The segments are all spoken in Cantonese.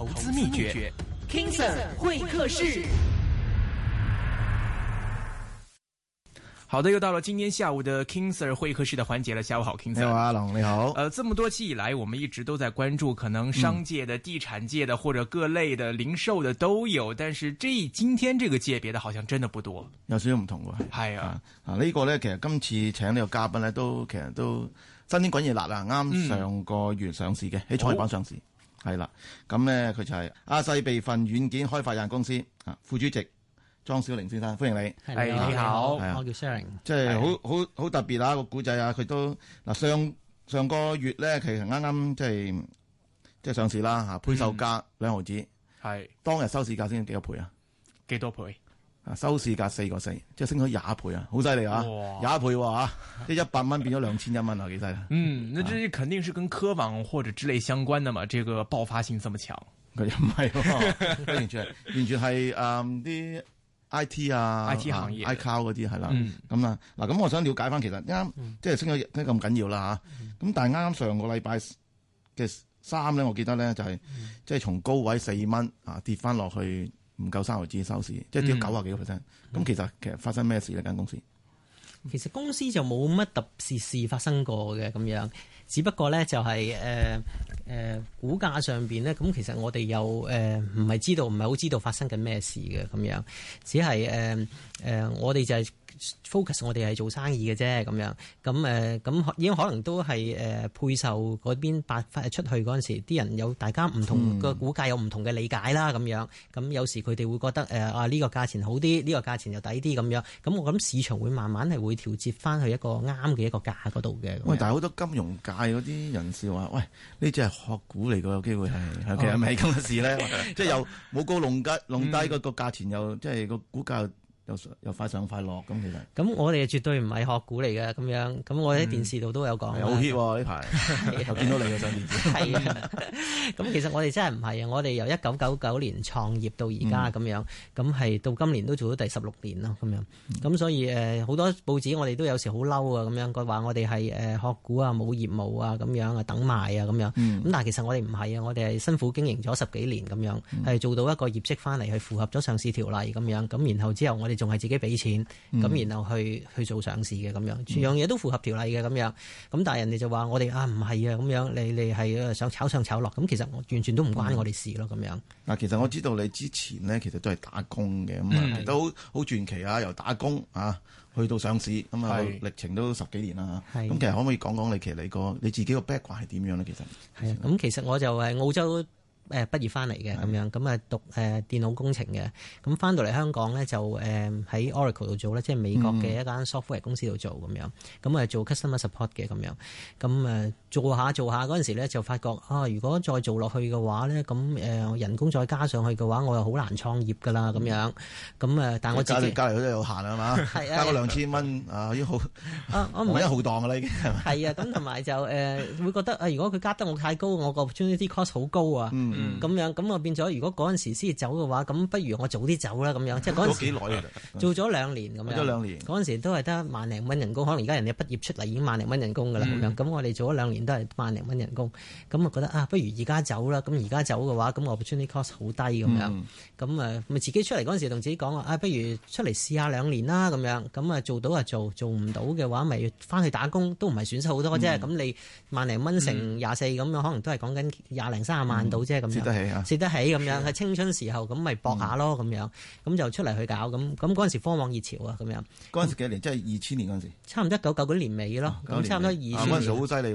投資秘訣 King Sir 會客室。好的，又到了今天下午的 King Sir 會客室的環節了。下午好，King Sir。你好，阿龍，你好。呃，這麼多期以來，我們一直都在關注，可能商界的、嗯、地產界的或者各類的零售的都有，但是這今天這個界別的好像真的不多。有少少唔同的，係啊，啊，啊呢、這個呢，其實今次請呢個嘉賓呢，都其實都新鮮滾熱辣辣。啱上個月上市嘅，喺創業板上市。哦係啦，咁咧佢就係亞勢備份軟件開發有限公司啊，副主席莊小靈先生，歡迎你。係的你好，我叫 s r 小靈。即係好好好特別啦，個古仔啊，佢都嗱上上個月咧，其實啱啱即係即係上市啦吓，配售價兩毫紙。係、嗯、當日收市價先幾多倍啊？幾多倍？多收市價四個四，即係升咗廿倍啊，好犀利啊！廿倍喎，即係一百蚊變咗兩千一蚊啊，幾犀利！嗯，那這肯定是跟科網或者之類相關的嘛？這個爆發性這麼強？佢又唔係，完全完全係誒啲 I T 啊 I T 行業、uh, iCloud 嗰啲係啦，咁啊嗱，咁我想了解翻，其實啱、嗯、即係升咗咁緊要啦吓，咁、嗯、但係啱啱上個禮拜嘅三咧，我記得咧就係即係從高位四蚊啊跌翻落去。唔夠三毫紙收市，即係要九啊幾個 percent。咁、嗯嗯、其實其實發生咩事咧？間公司其實公司就冇乜特別事發生過嘅咁樣。只不過咧就係誒誒股價上邊咧，咁其實我哋又誒唔係知道，唔係好知道發生緊咩事嘅咁樣，只係誒誒我哋就係 focus 我哋係做生意嘅啫咁樣，咁誒咁已經可能都係誒、呃、配售嗰邊發出去嗰陣時，啲人有大家唔同嘅股價、嗯、有唔同嘅理解啦咁樣，咁有時佢哋會覺得誒啊呢個價錢好啲，呢個價錢又抵啲咁樣，咁我諗市場會慢慢係會調節翻去一個啱嘅一個價嗰度嘅。喂，但係好多金融價。係嗰啲人士話，喂，呢隻係學股嚟噶，有機會，係係其實唔係咁嘅事咧，呢 即係又冇高隆低隆低個價錢又，又、嗯、即係個股價。又快上快落咁，其實咁我哋絕對唔係學股嚟嘅咁樣。咁我喺電視度都有講，好 heat 喎呢排，又見到你嘅 上電視上。係的。咁、嗯、其實我哋真係唔係啊！我哋由一九九九年創業到而家咁樣，咁係、嗯、到今年都做到第十六年啦。咁樣，咁所以誒好多報紙我哋都有時好嬲啊咁樣，佢話我哋係誒學股啊冇業務啊咁樣啊等賣啊咁樣。咁但其實我哋唔係啊，我哋係辛苦經營咗十幾年咁樣，係做到一個業績翻嚟去符合咗上市條例咁樣，咁然後之後我哋。仲係自己俾錢，咁然後去、嗯、去做上市嘅咁樣，全樣嘢都符合條例嘅咁樣。咁但係人哋就話我哋啊唔係啊咁樣，你你係想炒上炒落，咁其實我完全都唔關我哋事咯咁、嗯、樣。嗱，其實我知道你之前呢，其實都係打工嘅，咁啊的都好好傳奇啊，由打工啊去到上市，咁啊的歷程都十幾年啦。咁的其實可唔可以講講你其實你個你自己個 background 係點樣呢？其實係咁，其實我就係澳洲。誒畢業翻嚟嘅咁樣，咁啊讀誒電腦工程嘅，咁翻到嚟香港咧就誒喺 Oracle 度做咧，即係美國嘅一間 software 公司度、嗯、做咁樣、er，咁啊做 customer support 嘅咁樣，咁誒。做下做下嗰陣時咧，就發覺啊，如果再做落去嘅話咧，咁誒人工再加上去嘅話，我又好難創業噶啦咁樣。咁誒，但我自己隔離隔離都有限啊嘛。加個兩千蚊啊，已經好，我唔係一毫當噶啦已經。係啊，咁同埋就誒會覺得啊，如果佢加得我太高，我個專一啲 cost 好高啊。咁樣咁我變咗，如果嗰陣時先走嘅話，咁不如我早啲走啦咁樣。即係嗰陣時幾耐？做咗兩年咁樣。做咗兩年。嗰陣時都係得萬零蚊人工，可能而家人哋畢業出嚟已經萬零蚊人工噶啦咁樣。咁我哋做咗兩年。都係萬零蚊人工，咁啊覺得啊，不如而家走啦。咁而家走嘅話，咁我 budget cost 好低咁樣，咁啊咪自己出嚟嗰陣時同自己講話，啊不如出嚟試下兩年啦咁樣，咁啊做到啊做，做唔到嘅話咪翻去打工，都唔係損失好多啫。咁你萬零蚊成廿四咁樣，可能都係講緊廿零三十萬度啫咁樣，蝕得起，蝕得起咁樣，係青春時候咁咪搏下咯咁樣，咁就出嚟去搞咁。咁嗰陣時科網熱潮啊，咁樣嗰陣時幾年，即係二千年嗰陣時，差唔多一九九九年尾咯。咁差唔多二千年。好犀利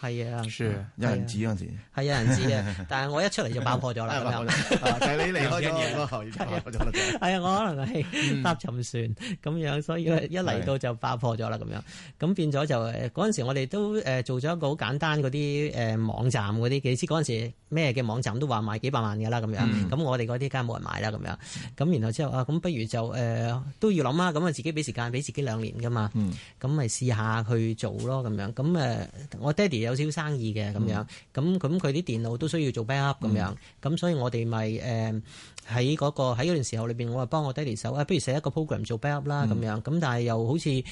係啊，有人知嗰陣時，係有人知嘅。但係我一出嚟就爆破咗啦，係咪？就係你離開咗嘢咯，已經係啊，我可能係、嗯、搭沉船咁樣，所以一嚟到就爆破咗啦，咁樣。咁變咗就誒嗰陣時，我哋都誒做咗一個好簡單嗰啲誒網站嗰啲，知嗰陣時咩嘅網站都話賣幾百萬㗎啦，咁樣。咁、嗯、我哋嗰啲梗係冇人買啦，咁樣。咁然後之後啊，咁不如就誒、呃、都要諗啊，咁啊自己俾時間俾自己兩年㗎嘛。咁咪試下去做咯，咁樣。咁、呃、誒，我爹哋。有少少生意嘅咁、嗯、樣，咁咁佢啲電腦都需要做 backup 咁、嗯、樣，咁所以我哋咪誒喺個喺嗰段時候裏邊我係幫我爹哋手啊，不如寫一個 program 做 backup 啦咁樣，咁但係又好似誒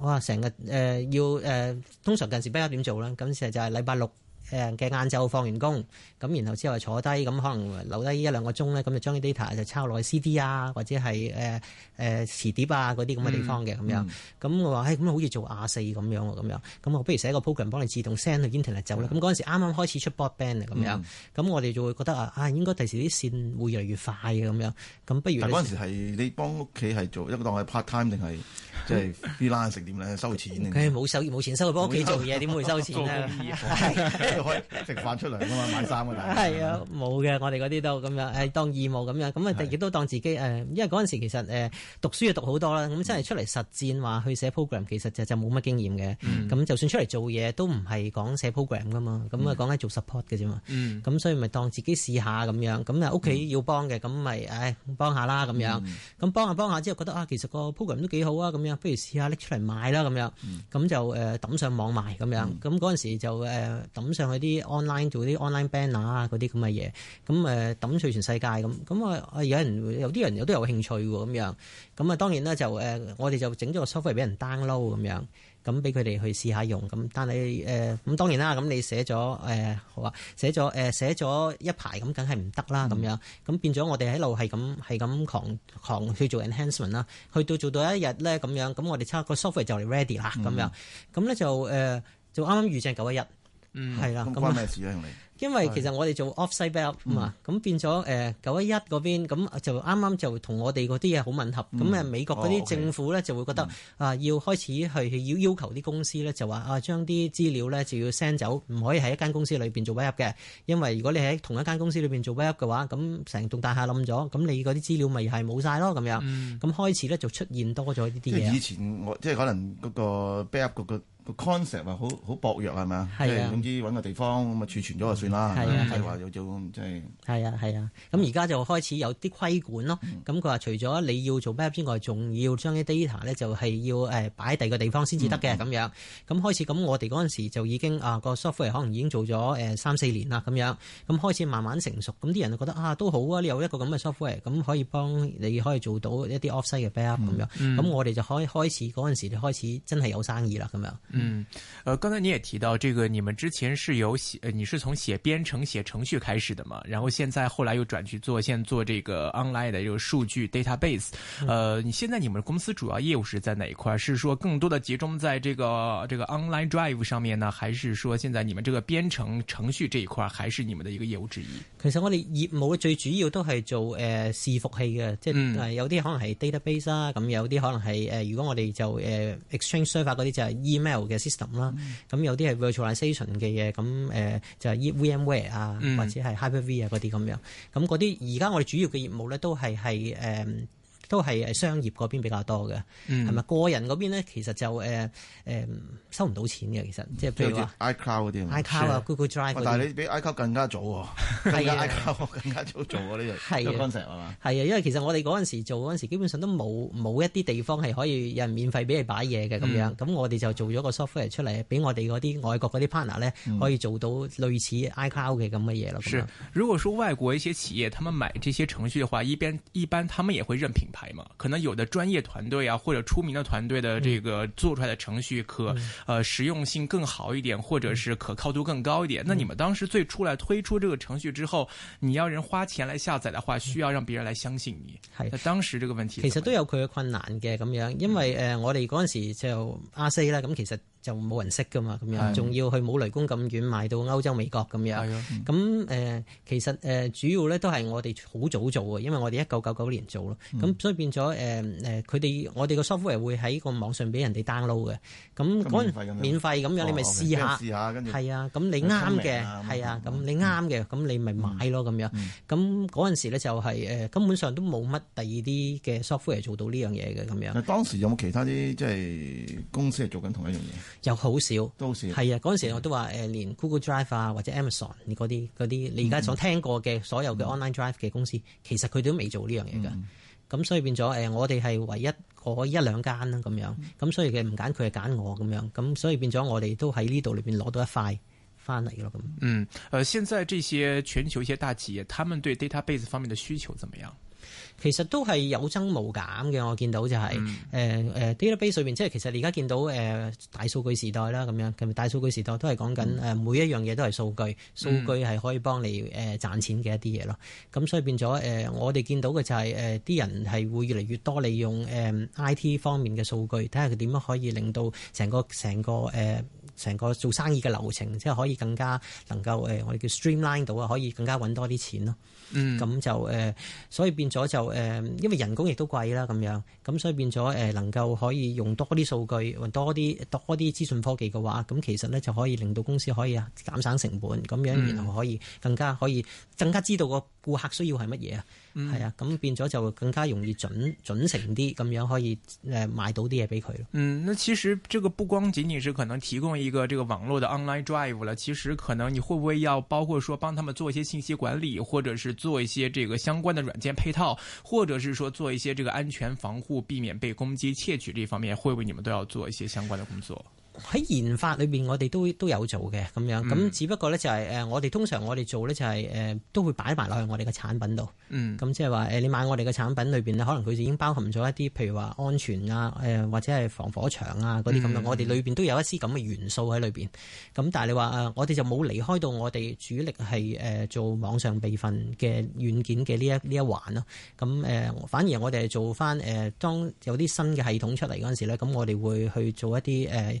我話成日誒要誒通常近時 backup 點做咧？咁成日就係禮拜六。誒嘅晏晝放完工，咁然後之後坐低，咁可能留低一兩個鐘咧，咁就將啲 data 就抄落去 CD 啊，或者係誒誒磁碟啊嗰啲咁嘅地方嘅咁樣。咁我話誒，咁好似做阿四咁樣喎，咁樣。咁我不如寫個 program 幫你自動 send 去 Internet 走啦。咁嗰陣時啱啱開始出 board band 啊，咁樣。咁我哋就會覺得啊，啊應該第時啲線會越嚟越快嘅咁樣。咁不如嗰陣時係你幫屋企係做一個當係 part time 定係即係啲點咧，收錢冇冇錢收，幫屋企做嘢點會收錢？ 可開直飯出嚟噶嘛，買衫噶嘛，係啊 ，冇嘅，我哋嗰啲都咁樣，誒當義務咁樣，咁啊亦都當自己誒，是的 因為嗰陣時其實誒讀書要讀好多啦，咁是的 真係出嚟實踐話去寫 program，其實就就冇乜經驗嘅，咁、嗯、就算出嚟做嘢都唔係講寫 program 噶嘛，咁啊講緊做 support 嘅啫嘛，咁、嗯、所以咪當自己試下咁樣，咁啊屋企要幫嘅，咁咪誒幫下啦咁樣，咁幫、嗯、下幫下之後覺得啊其實個 program 都幾好啊，咁樣不如試下拎出嚟賣啦咁樣，咁就誒抌、呃、上網上賣咁樣，咁嗰陣時就誒抌、呃、上,上。去啲 online 做啲 online banner 啊，嗰啲咁嘅嘢咁誒，抌碎全世界咁咁啊！啊，有人有啲人有都有興趣喎，咁樣，咁啊。當然啦，就誒、啊、我哋就整咗個 software 俾人 download 咁樣，咁俾佢哋去試下用咁。但係誒咁當然啦，咁你寫咗誒、啊、好啊，寫咗誒、啊、寫咗一排咁，梗係唔得啦。咁、嗯、樣咁變咗，我哋喺度係咁係咁狂狂去做 enhancement 啦。去到做到一日咧咁樣，咁我哋差個 software 就嚟 ready 啦。咁樣咁咧就誒就啱啱遇正911。係啦，咁關咩、嗯、的事咧？來因為其實我哋做 offsite backup 嘛，咁的、嗯、變咗誒九一一嗰邊，咁就啱啱就同我哋嗰啲嘢好吻合，咁誒、嗯、美國嗰啲政府咧、嗯、就會覺得、嗯、啊，要開始去要要求啲公司咧，就話啊將啲資料咧就要 send 走，唔可以喺一間公司裏邊做 backup 嘅，因為如果你喺同一間公司裏邊做 backup 嘅話，咁成棟大廈冧咗，咁你嗰啲資料咪係冇晒咯咁樣。咁、嗯、開始咧就出現多咗呢啲嘢。以前即係可能嗰個、那個。個 concept 話好好薄弱係咪啊？即係總之揾個地方咁啊儲存咗就算啦，唔係話又做即係。係啊係啊，咁而家就開始有啲規管咯。咁佢話除咗你要做 backup 之外，仲要將啲 data 咧就係要誒擺第二個地方先至得嘅咁樣。咁開始咁我哋嗰陣時就已經啊個 software 可能已經做咗誒三四年啦咁樣。咁開始慢慢成熟，咁啲人就覺得啊都好啊，你有一個咁嘅 software 咁可以幫你可以做到一啲 offsite 嘅 backup 咁樣。咁我哋就開始嗰陣時就開始真係有生意啦咁樣。嗯，呃，剛才你也提到這個，你們之前是由寫、呃，你是從寫編程、寫程序開始的嘛？然後現在後來又轉去做，現在做這個 online 的這個數據 database。呃，你現在你們公司主要業務是在哪一塊？是說更多的集中在這個這個 online drive 上面呢？還是說現在你們這個編程程序這一塊還是你們的一個業務之一？其實我哋業務最主要都係做誒、呃、伺服器嘅，即係有啲可能係 database、嗯、啊，咁有啲可能係誒、呃，如果我哋就誒、呃、exchange server 嗰啲就係 email。嘅 system 啦，咁、嗯、有啲係 virtualization 嘅嘢，咁誒、呃、就係、是、VMware 啊，或者係 HyperV 啊嗰啲咁樣，咁嗰啲而家我哋主要嘅業務咧都係係誒。都係誒商業嗰邊比較多嘅，係咪個人嗰邊咧？其實就誒誒收唔到錢嘅，其實即係譬如話 iCloud 啲，iCloud 啊，Google Drive。但係你比 iCloud 更加早喎，更加 iCloud 更加早做嘅呢樣。係啊，係啊，因為其實我哋嗰陣時做嗰陣時，基本上都冇冇一啲地方係可以有人免費俾你擺嘢嘅咁樣。咁我哋就做咗個 software 出嚟，俾我哋嗰啲外國嗰啲 partner 咧，可以做到類似 iCloud 嘅咁嘅嘢咯。是，如果說外國一些企業，他們買這些程序嘅話，一邊一般，他們也會任憑。牌嘛，可能有的專業團隊啊，或者出名的團隊的這個做出來的程序可，可、嗯、呃實用性更好一點，或者是可靠度更高一點。嗯、那你們當時最初來推出這個程序之後，你要人花錢來下載的話，需要讓別人來相信你。嗯嗯、那當時這個問題，其實都有佢嘅困難嘅咁樣，因為誒、呃、我哋嗰陣時就阿四啦，咁、嗯嗯、其實。就冇人識噶嘛，咁樣仲要去冇雷公咁遠賣到歐洲美國咁樣，咁其實主要咧都係我哋好早做嘅，因為我哋一九九九年做咯，咁所以變咗誒佢哋我哋個 software 會喺個網上俾人哋 download 嘅，咁嗰陣免費咁樣，你咪試下，係啊，咁你啱嘅，係啊，咁你啱嘅，咁你咪買咯咁樣，咁嗰陣時咧就係根本上都冇乜第二啲嘅 software 做到呢樣嘢嘅咁樣。當時有冇其他啲即係公司係做緊同一樣嘢？又好少，係是啊。嗰陣時我都話誒，連 Google Drive 啊或者 Amazon 啲嗰啲，你而家所聽過嘅所有嘅 online drive 嘅公司，嗯、其實佢都未做呢樣嘢噶。咁、嗯、所以變咗誒，我哋係唯一嗰一兩間啦。咁樣咁所以佢唔揀佢係揀我咁樣咁，所以變咗我哋都喺呢度裏邊攞到一塊翻嚟咯。咁嗯，誒、呃，現在這些全球一些大企業，他們對 database 方面的需求怎麼樣？其實都係有增無減嘅，我見到就係誒誒，Database 上面即係其實你而家見到誒、呃、大數據時代啦，咁樣同埋大數據時代都係講緊誒每一樣嘢都係數據，數據係可以幫你誒賺、呃、錢嘅一啲嘢咯。咁、嗯、所以變咗誒、呃，我哋見到嘅就係誒啲人係會越嚟越多利用誒、呃、IT 方面嘅數據，睇下佢點樣可以令到成個成個誒。呃成個做生意嘅流程，即係可以更加能夠誒，我哋叫 streamline 到啊，可以更加揾多啲錢咯。嗯，咁就誒，所以變咗就誒，因為人工亦都貴啦，咁樣，咁所以變咗誒，能夠可以用多啲數據，多啲多啲資訊科技嘅話，咁其實咧就可以令到公司可以啊減省成本，咁樣然後可以更加可以更加知道個顧客需要係乜嘢啊？係啊，咁變咗就更加容易準，準成誠啲，咁樣可以誒、呃、買到啲嘢俾佢咯。嗯，那其實這個不光僅僅是可能提供一個這個網絡的 online drive 了，其實可能你會不會要包括說幫他們做一些信息管理，或者是做一些這個相關的軟件配套，或者是說做一些這個安全防護，避免被攻擊、竊取這方面，會唔會你們都要做一些相關的工作？喺研發裏面，我哋都都有做嘅咁樣。咁只不過咧就係、是、誒，我哋通常我哋做咧就係、是、誒，都會擺埋落去我哋嘅產品度。嗯，咁即係話誒，你買我哋嘅產品裏面，呢可能佢已經包含咗一啲，譬如話安全啊、呃，或者係防火牆啊嗰啲咁樣，嗯我裡樣裡。我哋裏面都有一啲咁嘅元素喺裏面。咁但係你話我哋就冇離開到我哋主力係誒、呃、做網上備份嘅軟件嘅呢一呢一環咯。咁、呃、反而我哋做翻誒、呃，當有啲新嘅系統出嚟嗰陣時咧，咁我哋會去做一啲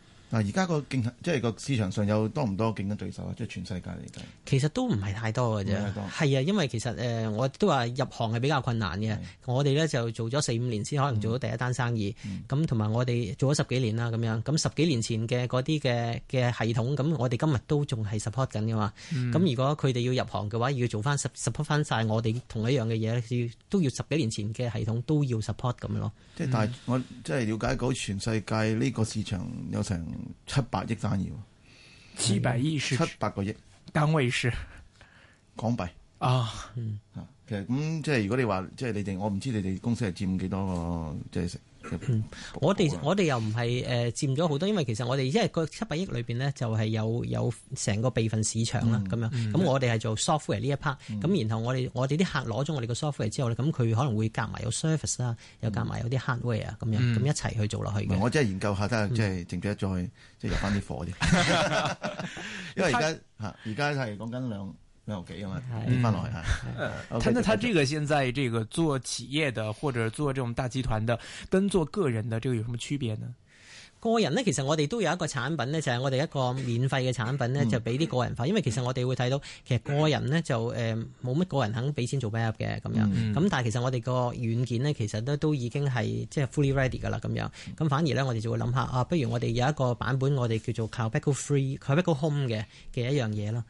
嗱而家個競爭即係個市場上有多唔多競爭對手啊？即係全世界嚟計，其實都唔係太多嘅啫。係啊，因為其實誒，我都話入行係比較困難嘅。的我哋咧就做咗四五年先，可能做咗第一單生意。咁同埋我哋做咗十幾年啦，咁樣。咁十幾年前嘅嗰啲嘅嘅系統，咁我哋今日都仲係 support 緊嘅嘛。咁、嗯、如果佢哋要入行嘅話，要做翻 support 翻晒我哋同一樣嘅嘢都要十幾年前嘅系統都要 support 咁樣咯。即係但係我即係瞭解到全世界呢個市場有成，七百億生意，七百億是七百個億，單位是港幣啊。哦嗯、其實咁、嗯、即係如果你話即係你哋，我唔知你哋公司係佔幾多個即係。嗯、我哋我哋又唔係誒佔咗好多，因為其實我哋因為個七百億裏邊咧，就係有有成個備份市場啦，咁、嗯、樣。咁、嗯、我哋係做 software 呢一 part，咁然後我哋我哋啲客攞咗我哋個 software 之後咧，咁佢可能會夾埋有 service 啊，又夾埋有啲 hardware 啊，咁樣咁一齊去做落去。嘅、嗯、我真係研究下得，即係淨住再即係入翻啲貨啫。 因為而家嚇，而家係講緊兩。有嘅，因為一般都係。佢，那他這個現在這個做企業的或者做這種大集團的，跟做個人的這個有什麼區別呢？個人呢，其實我哋都有一個產品呢，就係、是、我哋一個免費嘅產品呢，就俾啲個人化。嗯、因為其實我哋會睇到，嗯、其實個人呢，就誒冇乜個人肯俾錢做 backup 嘅咁樣。咁、嗯、但係其實我哋個軟件呢，其實都已經係即係 fully ready 噶啦咁樣。咁反而呢，我哋就會諗下啊，不如我哋有一個版本，我哋叫做 CloudBacko Free，CloudBacko Home 嘅嘅一樣嘢。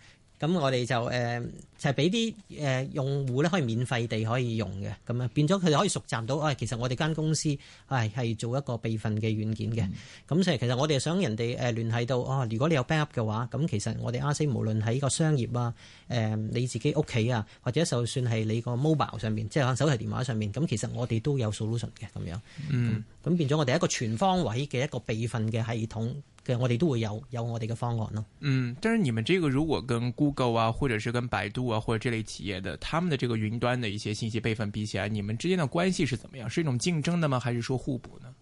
咁我哋就誒、呃，就係俾啲誒用戶咧可以免費地可以用嘅，咁樣變咗佢可以熟習到，誒、哎、其實我哋間公司係係、哎、做一個備份嘅軟件嘅。咁成、嗯、其實我哋想人哋誒聯繫到，哦，如果你有 backup 嘅話，咁其實我哋 Arcserve 無論喺個商業啊，誒、呃、你自己屋企啊，或者就算係你個 mobile 上面，即係可能手提電話上面，咁其實我哋都有 solution 嘅咁樣，嗯，咁變咗我哋一個全方位嘅一個備份嘅系統。我哋都會有有我哋嘅方案咯。嗯，但是你們這個如果跟 Google 啊，或者是跟百度啊，或者這類企業的，他們的這個雲端的一些信息備份比起來，你們之間的關係是怎麼樣？是一種競爭的嗎？還是說互補呢？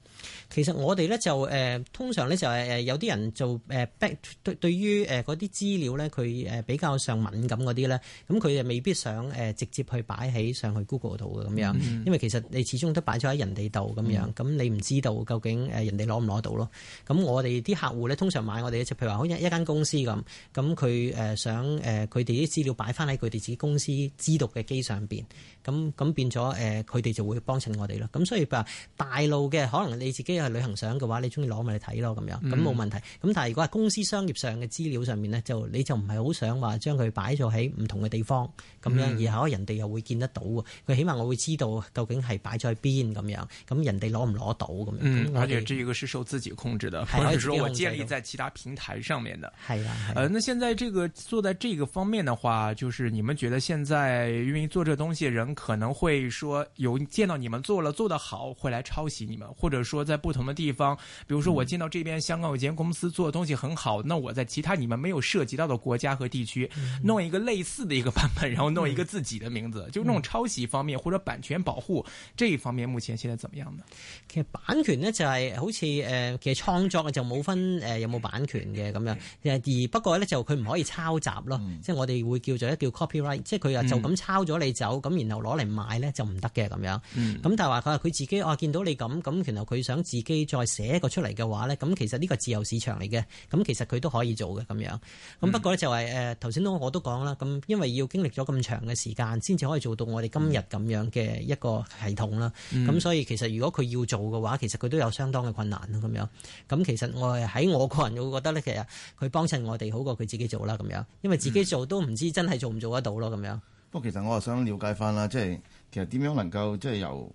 其實我哋咧就誒通常咧就係誒有啲人做誒 back 對對於嗰啲資料咧佢誒比較上敏感嗰啲咧，咁佢誒未必想誒直接去擺喺上去 Google 度嘅咁樣，因為其實你始終都擺咗喺人哋度咁樣，咁、嗯、你唔知道究竟誒人哋攞唔攞到咯。咁我哋啲客戶咧通常買我哋咧就譬如話好似一間公司咁，咁佢誒想誒佢哋啲資料擺翻喺佢哋自己公司知道嘅機上邊咁，咁變咗誒佢哋就會幫襯我哋咯。咁所以話大路嘅可能你自己。即係旅行相嘅話，你中意攞咪你睇咯，咁樣咁冇、嗯、問題。咁但係如果係公司商業上嘅資料上面呢，就你就唔係好想話將佢擺咗喺唔同嘅地方咁樣，然、嗯、後人哋又會見得到。佢起碼我會知道究竟係擺咗喺邊咁樣。咁人哋攞唔攞到咁樣？而且呢個係受自己控制嘅。或者是我建立在其他平台上面嘅。係啊，誒、啊呃，那現在這個做在這個方面的話，就是你們覺得現在因為做這東西人可能會說有見到你們做了做得好，會來抄襲你們，或者說在不同的地方，比如說我進到這邊香港有間公司做的東西很好，那我在其他你們沒有涉及到的國家和地區，弄一個類似的一個版本，然後弄一個自己的名字，就那種抄襲方面或者版權保護這一方面，目前現在怎麼樣呢？其實版權呢就係、是、好似誒、呃，其實創作嘅就冇分誒、呃、有冇版權嘅咁樣，而不過咧就佢唔可以抄襲咯，嗯、即係我哋會叫做一叫 copyright，即係佢啊就咁抄咗你走，咁、嗯、然後攞嚟賣咧就唔得嘅咁樣，咁但係話佢話佢自己我、啊、見到你咁咁，然後佢想自己自己再寫一個出嚟嘅話呢，咁其實呢個自由市場嚟嘅，咁其實佢都可以做嘅咁樣。咁、嗯、不過呢、就是，就係誒頭先都我都講啦，咁因為要經歷咗咁長嘅時間，先至可以做到我哋今日咁樣嘅一個系統啦。咁、嗯、所以其實如果佢要做嘅話，其實佢都有相當嘅困難咯咁樣。咁其實我喺我個人會覺得呢，其實佢幫襯我哋好過佢自己做啦咁樣，因為自己做都唔知真係做唔做得到咯咁樣。不過、嗯、其實我又想了解返啦，即係其實點樣能夠即係由。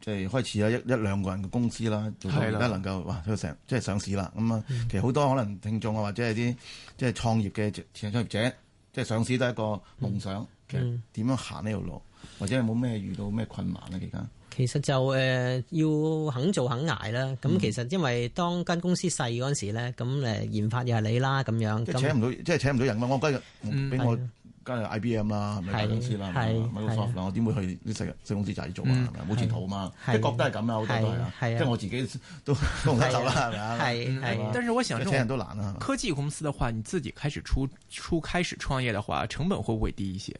即係開始有一一兩個人嘅公司啦，仲更加能夠哇，即係、就是、上市啦。咁、嗯、啊，嗯、其實好多可能聽眾啊，或者係啲即係創業嘅即係創業者，即、就、係、是、上市都係一個夢想。嗯嗯、其實點樣行呢條路，或者有冇咩遇到咩困難啊？而家其實就誒、呃、要肯做肯捱啦。咁其實因為當間公司細嗰陣時咧，咁誒、嗯、研發又係你啦，咁樣即係請唔到，即係請唔到人嘛。我覺得俾我，加入 IBM 啦，係咪大公司啦 Microsoft 啦，我點會去呢細公司仔做啊？係咪冇前途啊嘛？即覺得係咁啊，好多都係啊。即係我自己都咁睇頭啦，係係。但係我想問科技公司嘅話，你自己開始出出開始創業嘅話，成本會唔會低一些？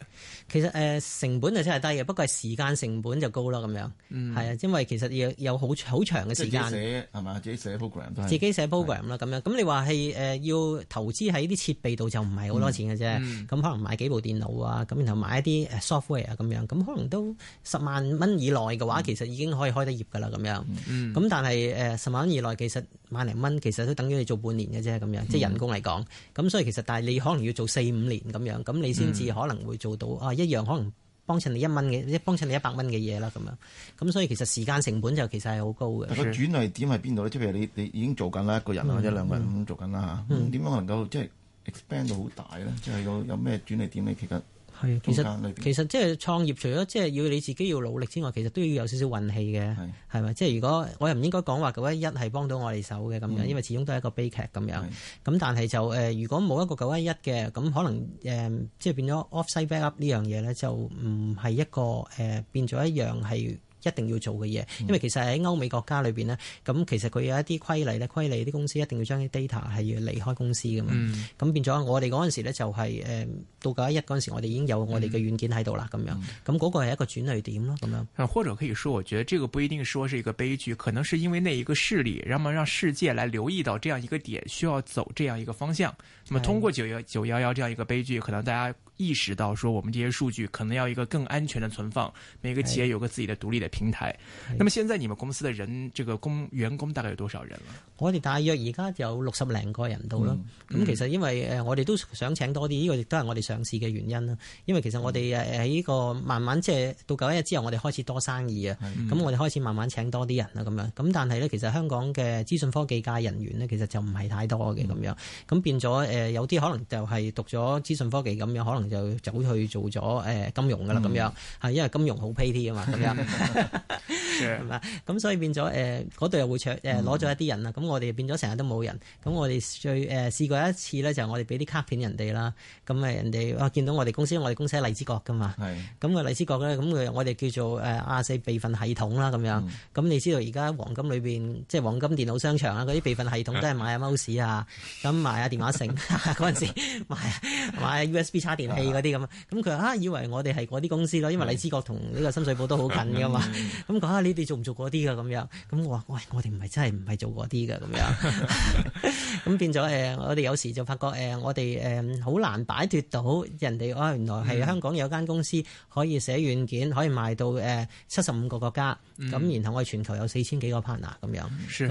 其實誒成本就真係低嘅，不過係時間成本就高啦。咁樣係啊，因為其實要有好好長嘅時間。自己寫係嘛？自己寫 program，自己寫 program 啦。咁樣咁你話係誒要投資喺啲設備度就唔係好多錢嘅啫。咁可能買幾部電腦啊，咁然後買一啲 software 啊，咁樣，咁可能都十萬蚊以內嘅話，其實已經可以開得業噶啦，咁樣。咁、嗯、但係誒、呃、十萬蚊以內，其實萬零蚊，其實都等於你做半年嘅啫，咁樣，即係人工嚟講。咁、嗯、所以其實，但係你可能要做四五年咁樣，咁你先至可能會做到、嗯、啊，一樣可能幫襯你一蚊嘅，即係幫襯你一百蚊嘅嘢啦，咁樣。咁所以其實時間成本就其實係好高嘅。個轉捩點係邊度呢？即譬如你你已經做緊啦，一個人或、嗯、一兩個人咁做緊啦吓。點、嗯嗯、樣能夠即係 expand 到好大咧，即係有有咩轉捩點咧？其實係，其實其實即係創業，除咗即係要你自己要努力之外，其實都要有少少運氣嘅，係咪？即係如果我又唔應該講話九一一係幫到我哋手嘅咁樣，因為始終都係一個悲劇咁樣。咁但係就誒、呃，如果冇一個九一一嘅，咁可能誒、呃，即係變咗 off-site backup 呢樣嘢咧，就唔係一個誒、呃、變咗一樣係。一定要做嘅嘢，因為其實喺歐美國家裏邊呢，咁、嗯、其實佢有一啲規例咧，規例啲公司一定要將啲 data 係要離開公司嘅嘛。咁、嗯、變咗我哋嗰陣時咧、就是，就係誒到九一一嗰陣時，我哋已經有我哋嘅軟件喺度啦，咁、嗯、樣。咁、那、嗰個係一個轉捩點咯，咁樣。或者可以說，我覺得呢個不一定說是一個悲劇，可能係因為那一個事例，讓嘛讓世界來留意到這樣一個點，需要走這樣一個方向。咁通過九幺九幺幺這樣一個悲劇，可能大家。意識到說，我們這些數據可能要一個更安全的存放，每個企業有個自己的獨立的平台。那麼現在你們公司的人，這個工員工大概有多少人啊？我哋大約而家有六十零個人到啦。咁、嗯、其實因為誒、嗯呃，我哋都想請多啲，呢、這個亦都係我哋上市嘅原因啦。因為其實我哋誒喺呢個、嗯、慢慢即係到九一日之後，我哋開始多生意啊，咁、嗯、我哋開始慢慢請多啲人啦，咁樣。咁但係呢，其實香港嘅資訊科技界人員呢，其實就唔係太多嘅咁、嗯、樣，咁變咗誒、呃、有啲可能就係讀咗資訊科技咁樣，可能。就走去做咗誒金融嘅啦，咁、嗯、樣係因為金融好 pay 啊嘛，咁樣咁、嗯、 所以變咗誒嗰度又會搶攞咗一啲人啦，咁我哋變咗成日都冇人，咁、嗯、我哋最誒、呃、試過一次咧，就我哋俾啲卡片人哋啦，咁誒人哋啊、哦、見到我哋公司，我哋公司係荔枝角嘅嘛，咁個荔枝角咧，咁是的 我哋叫做誒亞勢備份系統啦，咁樣，咁、嗯、你知道而家黃金裏邊即係黃金電腦商場啦，嗰啲備份系統都係買啊 mouse 啊，咁 買啊電話城。嗰陣時買買 USB 插電。啲咁啊，咁佢啊，以為我哋係嗰啲公司咯，因為荔枝角同呢個深水埗都好近㗎嘛。咁講下你哋做唔做嗰啲㗎咁樣？咁我話喂，我哋唔係真係唔係做嗰啲㗎咁樣。咁 變咗、呃、我哋有時就發覺、呃、我哋好、呃、難擺脫到人哋啊、哎。原來係香港有間公司可以寫軟件，可以賣到七十五個國家。咁、嗯、然後我哋全球有四千幾個 partner 咁樣。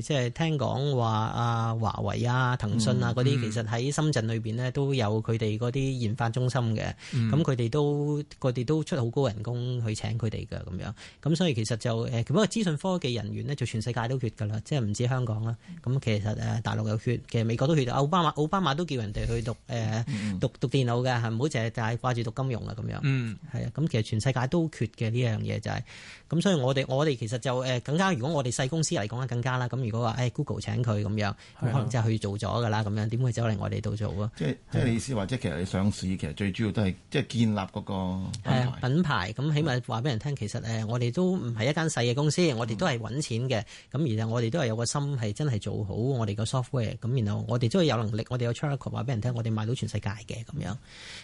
即係聽講話啊，華為啊、騰訊啊嗰啲，其實喺深圳裏邊咧都有佢哋嗰啲研發中心嘅。咁佢哋都佢哋都出好高人工去請佢哋嘅咁樣。咁所以其實就誒，只不過資訊科技人員咧，就全世界都缺噶啦，即係唔止香港啦。咁其實誒大陸有缺，其實美國都缺。奧巴馬奧巴馬都叫人哋去讀誒讀讀讀電腦嘅，唔好淨係掛住讀金融啦咁樣。係啊，嗯。咁其實全世界都缺嘅呢樣嘢就係、是。咁所以我哋我哋其實就誒更加，如果我哋細公司嚟講咧更加啦咁。如果話誒 Google 請佢咁樣，咁可能真係去做咗噶啦，咁樣點會走嚟我哋度做啊？即係即係你意思話，即係其實你上市，其實最主要都係即係建立嗰個品牌。咁起碼話俾人聽，其實誒我哋都唔係一間細嘅公司，嗯、我哋都係揾錢嘅。咁然啊，我哋都係有個心係真係做好我哋個 software。咁然後我哋都係有能力，我哋有 tracker 話俾人聽，我哋賣到全世界嘅咁樣。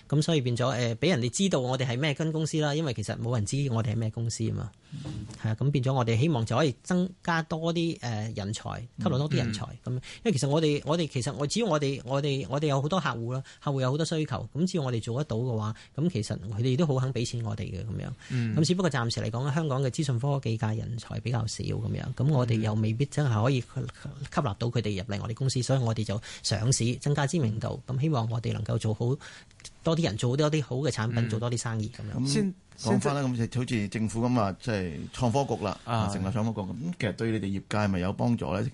咁所以變咗誒，俾人哋知道我哋係咩跟公司啦。因為其實冇人知我哋係咩公司啊嘛。係啊、嗯，咁變咗我哋希望就可以增加多啲誒人。才吸納多啲人才咁，嗯嗯、因為其實我哋我哋其實我只要我哋我哋我哋有好多客戶啦，客戶有好多需求，咁只要我哋做得到嘅話，咁其實佢哋都好肯俾錢我哋嘅咁樣，咁、嗯、只不過暫時嚟講，香港嘅資訊科技界人才比較少咁樣，咁我哋又未必真係可以吸納到佢哋入嚟我哋公司，嗯、所以我哋就上市增加知名度，咁希望我哋能夠做好。多啲人做多啲好嘅產品，嗯、做多啲生意咁樣。咁先講翻啦，咁就好似政府咁話，即係創科局啦，嗯、成立創科局咁。嗯、其實對你哋業界係咪有幫助咧？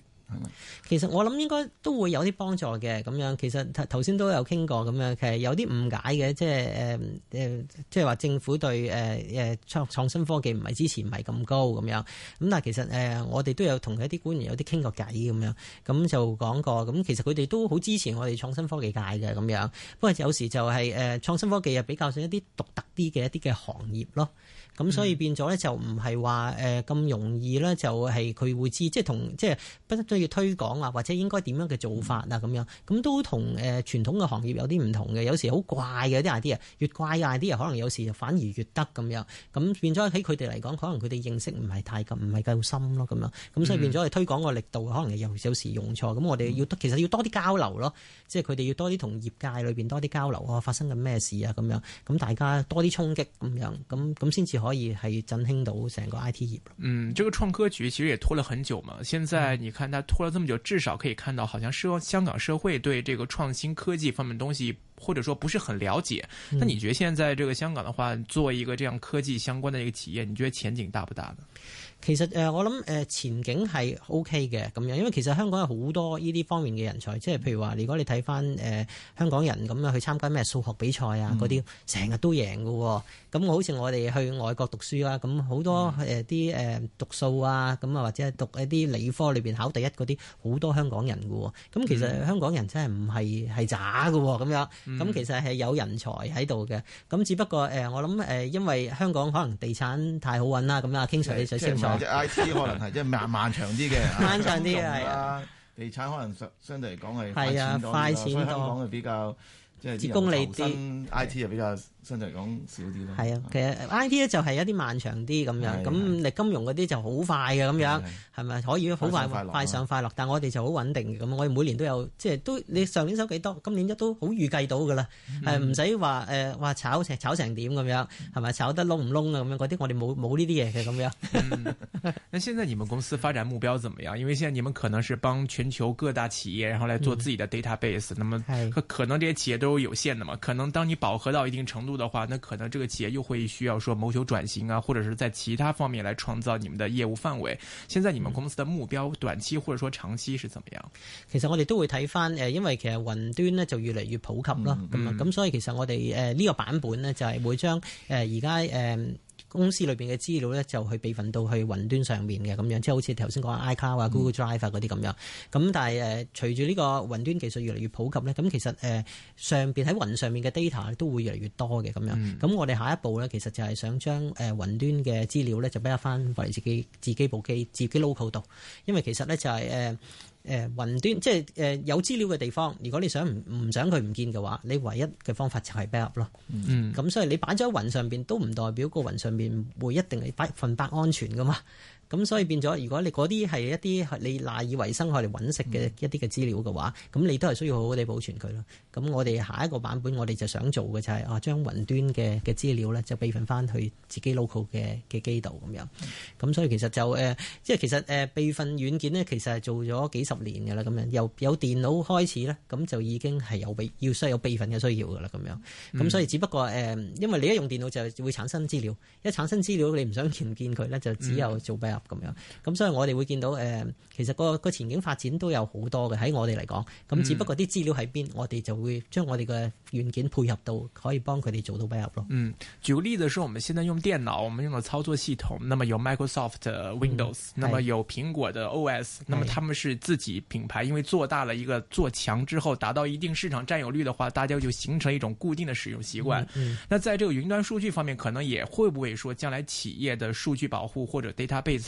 其實我諗應該都會有啲幫助嘅咁樣，其實頭先都有傾過咁樣，其實有啲誤解嘅，即係誒誒，即係話政府對誒誒、呃、創創新科技唔係支持唔係咁高咁樣，咁但係其實誒、呃、我哋都有同一啲官員有啲傾過偈咁樣，咁就講過，咁其實佢哋都好支持我哋創新科技界嘅咁樣，不過有時就係、是、誒、呃、創新科技又比較上一啲獨特啲嘅一啲嘅行業咯。咁、嗯、所以變咗咧就唔係話咁容易咧，就係佢會知即係同即係不得都要推廣啊，或者應該點樣嘅做法啊咁、嗯、樣，咁都同誒、呃、傳統嘅行業有啲唔同嘅，有時好怪嘅啲 idea，越怪嘅 idea 可能有時反而越得咁樣，咁變咗喺佢哋嚟講，可能佢哋認識唔係太唔係夠深咯咁樣，咁所以變咗係推廣個力度可能有時用錯，咁、嗯、我哋要其實要多啲交流咯，嗯、即係佢哋要多啲同業界裏邊多啲交流啊、哦，發生緊咩事啊咁樣，咁大家多啲衝擊咁樣，咁咁先至可。可以係振興到成個 I T 業。嗯，這個創科局其實也拖了很久嘛。現在你看，他拖了這麼久，至少可以看到，好像社香港社會對這個創新科技方面東西，或者說不是很了解。那、嗯、你覺得現在這個香港的話，做一個這樣科技相關的一個企業，你覺得前景大不大呢？其實誒、呃、我諗誒、呃、前景係 O K 嘅咁樣，因為其實香港有好多呢啲方面嘅人才，即係譬如話，如果你睇返誒香港人咁樣去參加咩數學比賽啊嗰啲，成日、嗯、都贏喎、哦。咁好似我哋去外國讀書啦、啊，咁好多啲誒、呃呃、讀數啊，咁啊或者係讀一啲理科裏面考第一嗰啲，好多香港人喎、哦。咁其實香港人真係唔係係渣嘅咁樣，咁其實係有人才喺度嘅。咁只不過、呃、我諗、呃、因為香港可能地產太好揾啦，咁啊，傾隨你再先 I.T. 可能係即係漫漫長啲嘅，漫長啲係啊。 地產可能相相對嚟講係係啊，快錢，香港係比較即係啲人投身 I.T. 又比較。相對嚟講少啲咯，係啊，啊其實 I T 咧就係一啲漫長啲咁樣，咁是你金融嗰啲就好快嘅咁樣，係咪是可以好快快上快落，啊？但我哋就好穩定嘅咁，我哋每年都有即係都你上年收幾多，今年一都好預計到㗎啦，係唔使話誒話炒成炒成點咁樣，係咪炒得窿唔窿啊咁樣嗰啲我哋冇冇呢啲嘢嘅咁樣。那 現在你們公司發展目標怎麼樣？因為現在你們可能是幫全球各大企業，然後嚟做自己的 database，嗯、那可能這些企業都是有限的嘛，可能當你飽和到一定程度。度的話，那可能這個企業又會需要說謀求轉型啊，或者是在其他方面來創造你們的業務範圍。現在你們公司的目標，短期或者說長期是怎麼樣？其實我哋都會睇翻誒，因為其實雲端呢就越嚟越普及咯，咁啊咁，所以其實我哋誒呢個版本呢，就係會將誒而家誒。呃公司裏面嘅資料咧，就去備份到去雲端上面嘅咁樣，即係好似頭先講 iCloud 啊、Google Drive 啊嗰啲咁樣。咁、嗯、但係誒，隨住呢個雲端技術越嚟越普及咧，咁其實誒上邊喺雲上面嘅 data 都會越嚟越多嘅咁樣。咁、嗯、我哋下一步咧，其實就係想將誒雲端嘅資料咧，就擺翻翻自己自己部機、自己 local 度，因為其實咧就係、是呃誒雲端即係誒有資料嘅地方，如果你想唔唔想佢唔見嘅話，你唯一嘅方法就係 backup 咯。嗯，咁所以你擺咗喺雲上面，都唔代表個雲上面會一定係百分百安全㗎嘛。咁所以變咗，如果你嗰啲係一啲你賴以維生、去嚟揾食嘅一啲嘅資料嘅話，咁、嗯、你都係需要好好地保存佢啦。咁我哋下一個版本，我哋就想做嘅就係、是、啊，將雲端嘅嘅資料呢，就備份翻去自己 local 嘅嘅機度咁樣。咁、嗯、所以其實就即係、呃、其實誒、呃、備份軟件呢，其實係做咗幾十年㗎啦。咁樣由有電腦開始呢，咁就已經係有備要需要有備份嘅需要㗎啦。咁樣咁所以只不過、呃、因為你一用電腦就會產生資料，一產生資料你唔想唔見佢呢，就只有做備咁樣，咁、嗯、所以我哋會見到誒、呃，其實個個前景發展都有好多嘅喺我哋嚟講，咁只不過啲資料喺邊，嗯、我哋就會將我哋嘅軟件配合到，可以幫佢哋做到配合咯。嗯，舉個例子說，是我們現在用電腦，我們用的操作系統，那麼有 Microsoft Windows，嗯，那麼有蘋果的 OS，那麼他們是自己品牌，因為做大了一個做強之後，達到一定市場佔有率的話，大家就形成一種固定的使用習慣。嗯，嗯。那在這個雲端數據方面，可能也會不會說將來企業的數據保護或者 database。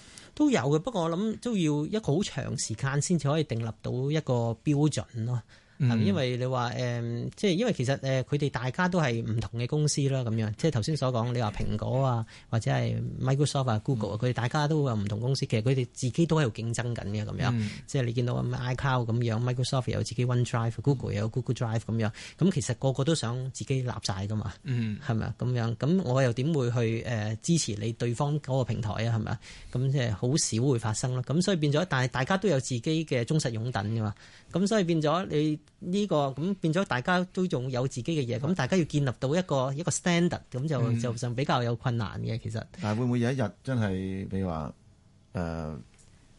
都有嘅，不過我諗都要一個好長時間先至可以訂立到一個標準咯。嗯、因為你話誒、嗯，即係因為其實誒，佢、嗯、哋大家都係唔同嘅公司啦，咁樣，即係頭先所講，你話蘋果啊，或者係 Microsoft、啊、Google 啊、嗯，佢哋大家都話唔同公司，其實佢哋自己都喺度競爭緊嘅，咁樣，即係你見到、嗯、iCloud 咁樣，Microsoft 又有自己 OneDrive，Google 又有 Google Drive 咁樣，咁其實個個都想自己立晒噶嘛，係咪啊？咁樣，咁我又點會去、呃、支持你對方嗰個平台啊？係咪啊？咁即係好少會發生咯。咁所以變咗，但係大家都有自己嘅忠實擁躉噶嘛。咁所以變咗你。呢、這個咁變咗，大家都仲有自己嘅嘢，咁大家要建立到一個一個 standard 咁就就比較有困難嘅其實。嗯、但係會唔會有一日真係，譬如話誒，呃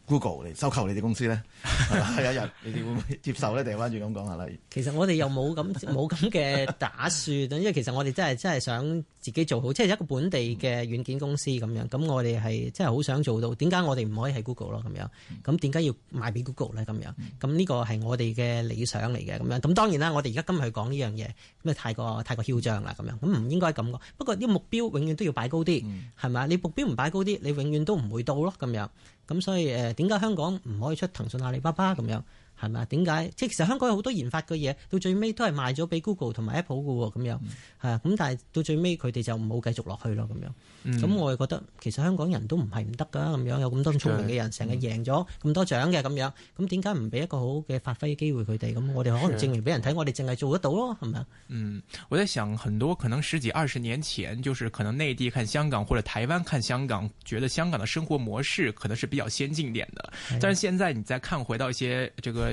Google 嚟收購你哋公司咧，係 一日，你哋會唔會接受咧？定係住轉咁講下啦。其實我哋又冇咁冇咁嘅打算，因為其實我哋真係真係想自己做好，即係一個本地嘅軟件公司咁樣。咁我哋係真係好想做到。點解我哋唔可以喺 Google 咯？咁樣咁點解要賣俾 Google 咧？咁樣咁呢個係我哋嘅理想嚟嘅。咁樣咁當然啦，我哋而家今日去講呢樣嘢，咁啊太過太過囂張啦。咁樣咁唔應該咁講。不過啲目標永遠都要擺高啲，係咪？你目標唔擺高啲，你永遠都唔會到咯。咁樣。咁所以誒，點解香港唔可以出騰訊阿里巴巴咁樣？係咪啊？點解？即係其實香港有好多研發嘅嘢，到最尾都係賣咗俾 Google 同埋 Apple 嘅喎，咁樣係、嗯、啊。咁但係到最尾佢哋就冇繼續落去咯，咁樣。咁、嗯、我係覺得其實香港人都唔係唔得噶，咁樣有咁多聰明嘅人，成日贏咗咁多獎嘅咁樣。咁點解唔俾一個好好嘅發揮機會佢哋？咁、嗯、我哋可能證明俾人睇，我哋淨係做得到咯，係咪啊？嗯吧，我在想很多可能十幾二十年前，就是可能內地看香港或者台灣看香港，覺得香港的生活模式可能是比較先進點的。是啊、但是現在你再看回到一些這個。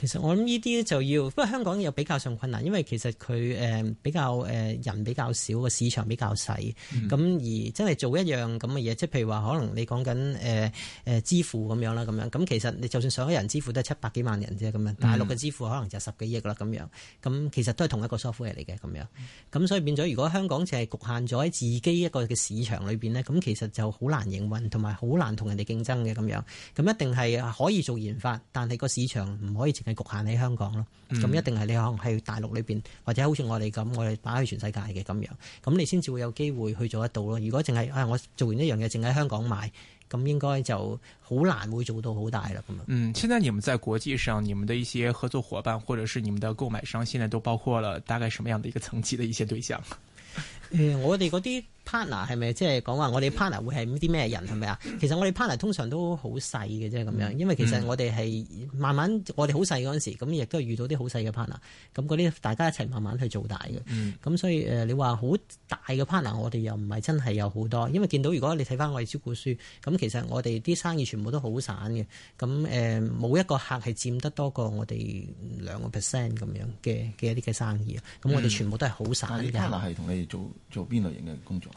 其實我諗呢啲就要，不過香港又比較上困難，因為其實佢誒、呃、比較誒、呃、人比較少，個市場比較細，咁、嗯、而真係做一樣咁嘅嘢，即係譬如話可能你講緊誒誒支付咁樣啦，咁樣咁其實你就算所有人支付都係七百幾萬人啫，咁樣大陸嘅支付可能就係十幾億啦，咁樣咁其實都係同一個 software 嚟嘅咁樣，咁所以變咗如果香港淨係局限咗喺自己一個嘅市場裏邊呢，咁其實就好難營運同埋好難同人哋競爭嘅咁樣，咁一定係可以做研發，但係個市場唔可以局限喺香港咯，咁、嗯嗯、一定係你可能喺大陸裏邊，或者好似我哋咁，我哋擺喺全世界嘅咁樣，咁你先至會有機會去做得到咯。如果淨係啊，我做完呢樣嘢，淨喺香港買，咁應該就好難會做到好大啦。咁樣。嗯，現在你們在國際上，你們的一些合作夥伴，或者是你們的購買商，現在都包括了大概什麼樣的一個層級的一些對象？誒、嗯，我哋嗰啲。partner 係咪即係講話我哋 partner 會係啲咩人係咪啊？嗯、係咪其實我哋 partner 通常都好細嘅啫咁樣，嗯、因為其實我哋係慢慢，我哋好細嗰陣時候，咁亦都係遇到啲好細嘅 partner，咁嗰啲大家一齊慢慢去做大嘅。咁、嗯、所以誒，你話好大嘅 partner，我哋又唔係真係有好多，因為見到如果你睇翻我哋招股書，咁其實我哋啲生意全部都好散嘅，咁誒冇一個客係佔得多過我哋兩個 percent 咁樣嘅嘅一啲嘅生意啊。咁我哋全部都係好散嘅。同、嗯、你，你做做邊類型嘅工作？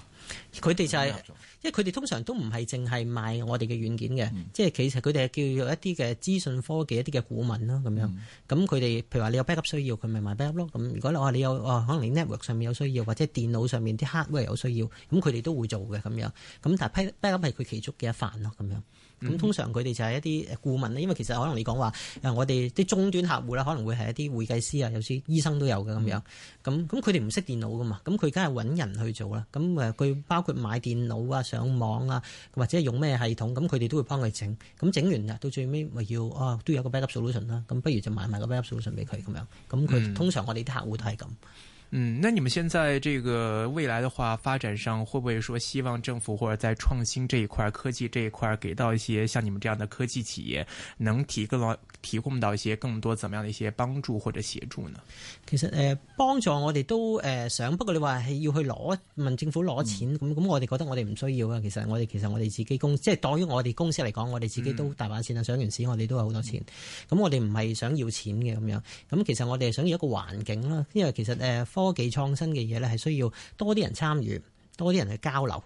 佢哋就係、是，因為佢哋通常都唔係淨係賣我哋嘅軟件嘅，即係、嗯、其實佢哋係叫做一啲嘅資訊科技一啲嘅顧問啦咁樣，咁佢哋譬如話你有 backup 需要，佢咪賣 backup 咯，咁如果你話你有，可能你 network 上面有需要，或者電腦上面啲 hardware 有需要，咁佢哋都會做嘅咁樣，咁但係 backup 係佢其中嘅一範咯咁樣。咁通常佢哋就係一啲顧問咧，因為其實可能你講話、呃、我哋啲終端客戶咧可能會係一啲會計師啊，有時醫生都有嘅咁、嗯、樣。咁咁佢哋唔識電腦噶嘛，咁佢梗係揾人去做啦。咁佢包括買電腦啊、上網啊，或者用咩系統，咁佢哋都會幫佢整。咁整完啦，到最尾咪要啊，都有個 backup solution 啦。咁不如就買埋個 backup solution 俾佢咁樣。咁佢通常我哋啲客戶都係咁。嗯嗯，那你們現在這個未來的話，發展上會不會說希望政府或者在創新這一塊、科技這一塊，給到一些像你們這樣的科技企業，能提供到提供到一些更多怎麼樣的一些幫助或者協助呢？其實誒、呃，幫助我哋都誒、呃、想，不過你話係要去攞問政府攞錢咁，咁、嗯、我哋覺得我哋唔需要啊。其實我哋其實我哋自己公，即係對於我哋公司嚟講，我哋自己都大把錢啊，嗯、上完市我哋都有好多錢。咁、嗯、我哋唔係想要錢嘅咁樣，咁其實我哋想要一個環境啦，因為其實誒、呃科技創新嘅嘢咧，係需要多啲人參與，多啲人去交流。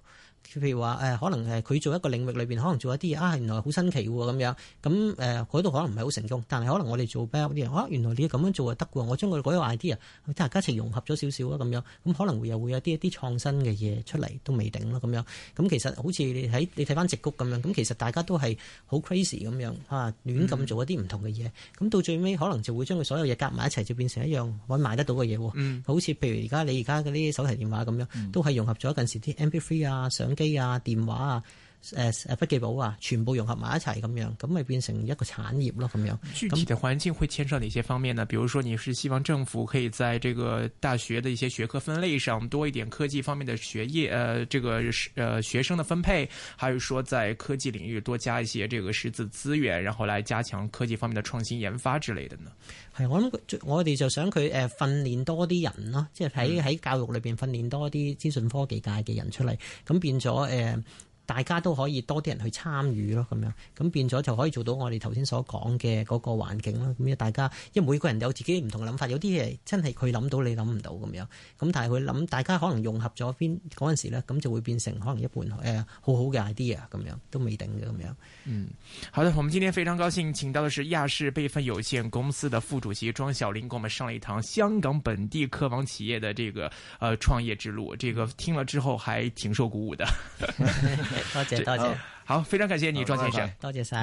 譬如話誒、呃，可能誒佢、呃、做一個領域裏邊，可能做一啲嘢啊，原來好新奇嘅咁樣。咁、呃、誒，度、呃、可能唔係好成功，但係可能我哋做 back 啲啊，原來你咁樣做啊得嘅，我將佢嗰 idea 大家一齊融合咗少少啊，咁樣咁可能會又會有啲一啲創新嘅嘢出嚟，都未定咯咁樣。咁其實好似你睇你睇翻直谷咁樣，咁其實大家都係好 crazy 咁樣啊，亂咁做一啲唔同嘅嘢。咁、嗯、到最尾可能就會將佢所有嘢夾埋一齊，就變成一樣可以買得到嘅嘢。嗯，好似譬如而家你而家啲手提電話咁樣，都係融合咗近時啲 MP3 啊、相機、啊。啊！電話啊！誒誒，呃、筆記簿啊，全部融合埋一齊咁樣，咁咪變成一個產業咯咁樣。具體的環境會牽涉哪些方面呢？比如說，你是希望政府可以在這個大學的一些學科分類上多一點科技方面的學業，誒、呃，這個誒、呃、學生的分配，還有說在科技領域多加一些這個師資資源，然後來加強科技方面的創新研發之類的呢？係，我諗我哋就想佢誒訓練多啲人咯，即係喺喺教育裏邊訓練多啲資訊科技界嘅人出嚟，咁、嗯、變咗誒。呃大家都可以多啲人去參與咯，咁樣咁變咗就可以做到我哋頭先所講嘅嗰個環境啦。咁大家，因為每個人都有自己唔同嘅諗法，有啲嘢真係佢諗到你諗唔到咁樣。咁但係佢諗，大家可能融合咗邊嗰陣時呢，咁就會變成可能一半誒、呃、好好嘅 idea 咁樣都未定嘅咁樣。嗯，好的，我們今天非常高興請到的是亞視備份有限公司的副主席莊小靈，給我們上了一堂香港本地科網企業的這個呃創業之路。這個聽了之後，還挺受鼓舞的。 多謝多謝，好，非常感謝你，莊好先生，多謝晒。